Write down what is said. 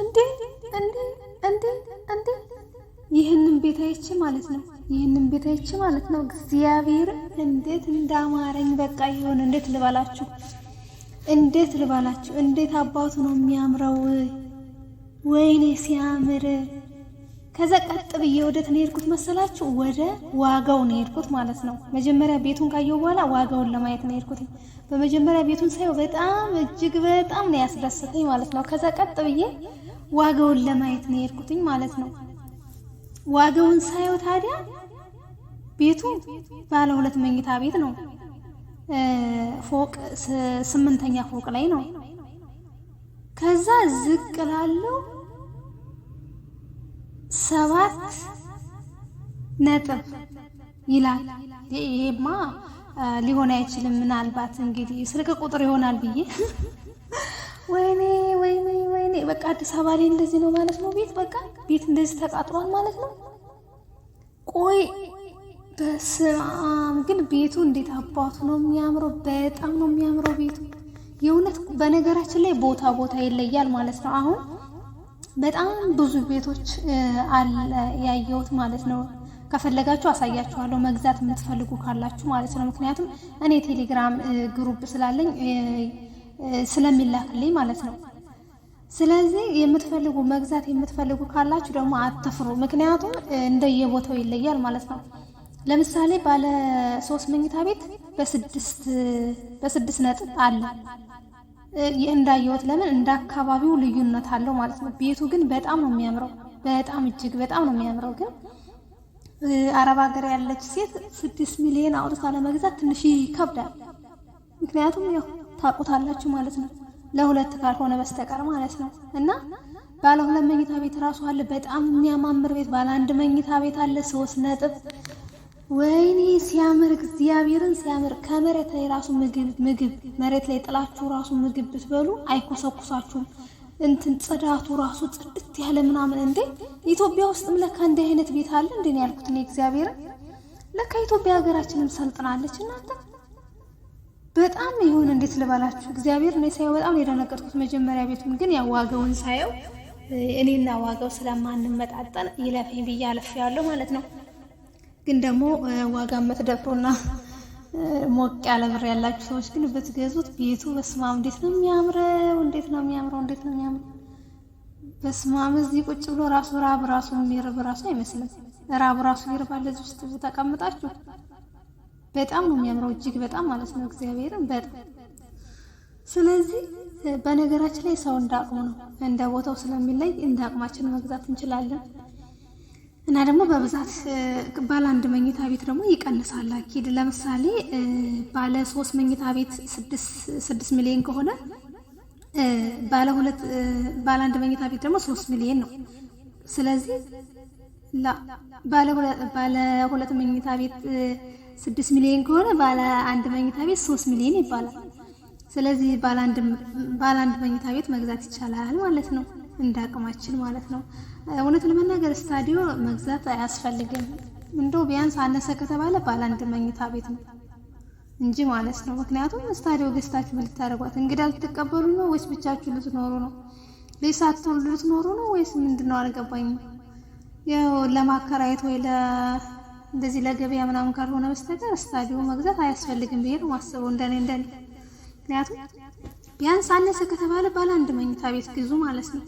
እንዴ እንዴ እንዴ እንዴ ይህንን ቤት አይቼ ማለት ነው ይህንን ቤት አይቼ ማለት ነው እግዚአብሔር እንዴት እንዳማረኝ በቃ የሆነ እንዴት ልባላችሁ እንዴት ልባላችሁ እንዴት አባቱ ነው የሚያምረው ወይኔ ሲያምር ከዛ ቀጥ ብዬ ወደ ነው የሄድኩት መሰላችሁ? ወደ ዋጋው ነው የሄድኩት ማለት ነው። መጀመሪያ ቤቱን ካየው በኋላ ዋጋውን ለማየት ነው የሄድኩት። በመጀመሪያ ቤቱን ሳየው በጣም እጅግ በጣም ነው ያስደሰተኝ ማለት ነው። ከዛ ቀጥ ብዬ ዋጋውን ለማየት ነው የሄድኩትኝ ማለት ነው። ዋጋውን ሳየው ታዲያ ቤቱ ባለ ሁለት መኝታ ቤት ነው። ፎቅ ስምንተኛ ፎቅ ላይ ነው። ከዛ ዝቅ ላለው ሰባት ነጥብ ይላል። ይሄማ ሊሆን አይችልም። ምናልባት እንግዲህ ስልክ ቁጥር ይሆናል ብዬ ወይኔ ወይኔ ወይኔ። በቃ አዲስ አበባ ላይ እንደዚህ ነው ማለት ነው። ቤት በቃ ቤት እንደዚህ ተቃጥሯል ማለት ነው። ቆይ በስማም ግን ቤቱ እንዴት አባቱ ነው የሚያምረው! በጣም ነው የሚያምረው ቤቱ የእውነት። በነገራችን ላይ ቦታ ቦታ ይለያል ማለት ነው አሁን በጣም ብዙ ቤቶች አለ ያየሁት ማለት ነው። ከፈለጋችሁ አሳያችኋለሁ መግዛት የምትፈልጉ ካላችሁ ማለት ነው። ምክንያቱም እኔ ቴሌግራም ግሩፕ ስላለኝ ስለሚላክልኝ ማለት ነው። ስለዚህ የምትፈልጉ መግዛት የምትፈልጉ ካላችሁ ደግሞ አትፍሩ። ምክንያቱም እንደየቦታው ይለያል ማለት ነው። ለምሳሌ ባለ ሶስት መኝታ ቤት በስድስት ነጥብ አለ እንዳየሁት ለምን እንደ አካባቢው ልዩነት አለው ማለት ነው። ቤቱ ግን በጣም ነው የሚያምረው፣ በጣም እጅግ በጣም ነው የሚያምረው። ግን አረብ ሀገር ያለች ሴት ስድስት ሚሊዮን አውጥታ ለመግዛት ትንሽ ይከብዳል። ምክንያቱም ያው ታውቁታላችሁ ማለት ነው፣ ለሁለት ካልሆነ በስተቀር ማለት ነው እና ባለ ሁለት መኝታ ቤት ራሱ አለ። በጣም የሚያማምር ቤት ባለ አንድ መኝታ ቤት አለ ሶስት ነጥብ ወይኔ ሲያምር እግዚአብሔርን ሲያምር ከመሬት ላይ ራሱ ምግብ ምግብ መሬት ላይ ጥላችሁ ራሱ ምግብ ብትበሉ አይኮሰኩሳችሁም። እንትን ጽዳቱ ራሱ ጽድት ያለ ምናምን። እንዴ ኢትዮጵያ ውስጥም ለካ እንደ አይነት ቤት አለ እንዴ ያልኩት እኔ እግዚአብሔርን። ለካ ኢትዮጵያ ሀገራችንም ሰልጥናለች እናንተ። በጣም ይሁን እንዴት ልበላችሁ፣ እግዚአብሔር እኔ ሳየው በጣም የደነገጥኩት መጀመሪያ ቤቱን ግን ያው ዋጋውን ሳየው እኔና ዋጋው ስለማንመጣጠን ይለፈኝ ብዬ አለፍ ያለው ማለት ነው ግን ደግሞ ዋጋ የምትደፍሩና ሞቅ ያለ ብር ያላችሁ ሰዎች ግን ብትገዙት ቤቱ በስማም እንዴት ነው የሚያምረው! እንዴት ነው የሚያምረው! እንዴት ነው የሚያምረው! በስማም እዚህ ቁጭ ብሎ ራሱ ራብ ራሱ የሚርብ ራሱ አይመስልም። ራብ ራሱ ይርባል። እዚህ ውስጥ ተቀምጣችሁ በጣም ነው የሚያምረው፣ እጅግ በጣም ማለት ነው። እግዚአብሔርን በጣም ስለዚህ በነገራችን ላይ ሰው እንዳቅሙ ነው፣ እንደ ቦታው ስለሚለይ እንደ አቅማችን መግዛት እንችላለን። እና ደግሞ በብዛት ባለ አንድ መኝታ ቤት ደግሞ ይቀንሳል። አኪድ ለምሳሌ ባለ ሶስት መኝታ ቤት ስድስት ሚሊዮን ከሆነ ባለ ሁለት ባለ አንድ መኝታ ቤት ደግሞ ሶስት ሚሊዮን ነው። ስለዚህ ባለ ሁለት መኝታ ቤት ስድስት ሚሊዮን ከሆነ ባለ አንድ መኝታ ቤት ሶስት ሚሊዮን ይባላል። ስለዚህ ባለ አንድ መኝታ ቤት መግዛት ይቻላል ማለት ነው። እንደ አቅማችን ማለት ነው። እውነት ለመናገር ስታዲዮ መግዛት አያስፈልግም። እንደው ቢያንስ አነሰ ከተባለ ባለ አንድ መኝታ ቤት ነው እንጂ ማለት ነው። ምክንያቱም ስታዲዮ ገዝታችሁ ምን ልታደርጓት? እንግዳ ልትቀበሉ ነው ወይስ ብቻችሁ ልትኖሩ ነው? ልጅ ሳትወልዱ ልትኖሩ ነው ወይስ ምንድን ነው? አልገባኝም። ያው ለማከራየት ወይ እንደዚህ ለገበያ ምናምን ካልሆነ በስተቀር ስታዲዮ መግዛት አያስፈልግም ብዬ ነው ማስበው፣ እንደኔ እንደኔ። ምክንያቱም ቢያንስ አነሰ ከተባለ ባለ አንድ መኝታ ቤት ግዙ ማለት ነው።